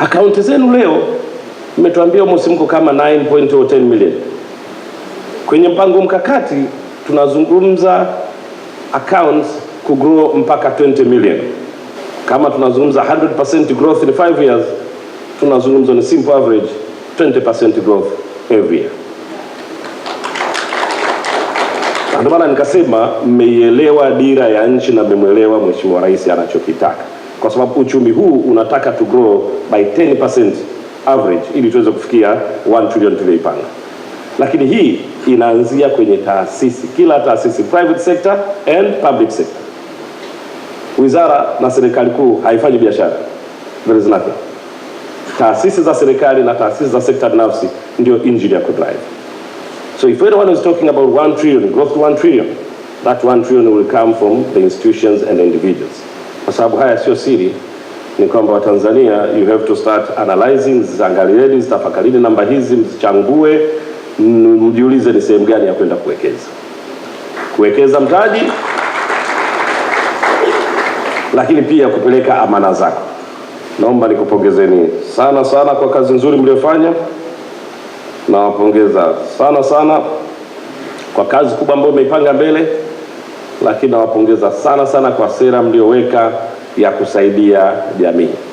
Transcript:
Akaunti zenu leo mmetuambia mosi kama 9.10 million Kwenye mpango mkakati tunazungumza accounts ku grow mpaka 20 million. Kama tunazungumza 100% growth in 5 years, tunazungumza ni simple average 20% growth every year. Ndio maana nikasema mmeielewa dira ya nchi na mmemwelewa Mheshimiwa Rais anachokitaka kwa sababu uchumi huu unataka to grow by 10% average ili tuweze kufikia 1 trillion tuliyoipanga, lakini hii inaanzia kwenye taasisi, kila taasisi, private sector and public sector. Wizara na serikali kuu haifanyi biashara, there is nothing. Taasisi za serikali na taasisi za sekta binafsi ndio injini ya kudrive. So if anyone is talking about 1 trillion, growth to 1 trillion, that 1 trillion will come from the institutions and the individuals kwa sababu haya sio siri, ni kwamba Watanzania, you have to start analyzing, zangalieni, zitafakarini namba hizi, mzichangue, mjiulize ni sehemu gani ya kwenda kuwekeza, kuwekeza mtaji, lakini pia kupeleka amana zako. Naomba nikupongezeni sana sana kwa kazi nzuri mliofanya Nawapongeza sana sana kwa kazi kubwa ambayo umeipanga mbele lakini nawapongeza sana sana kwa sera mliyoweka ya kusaidia jamii.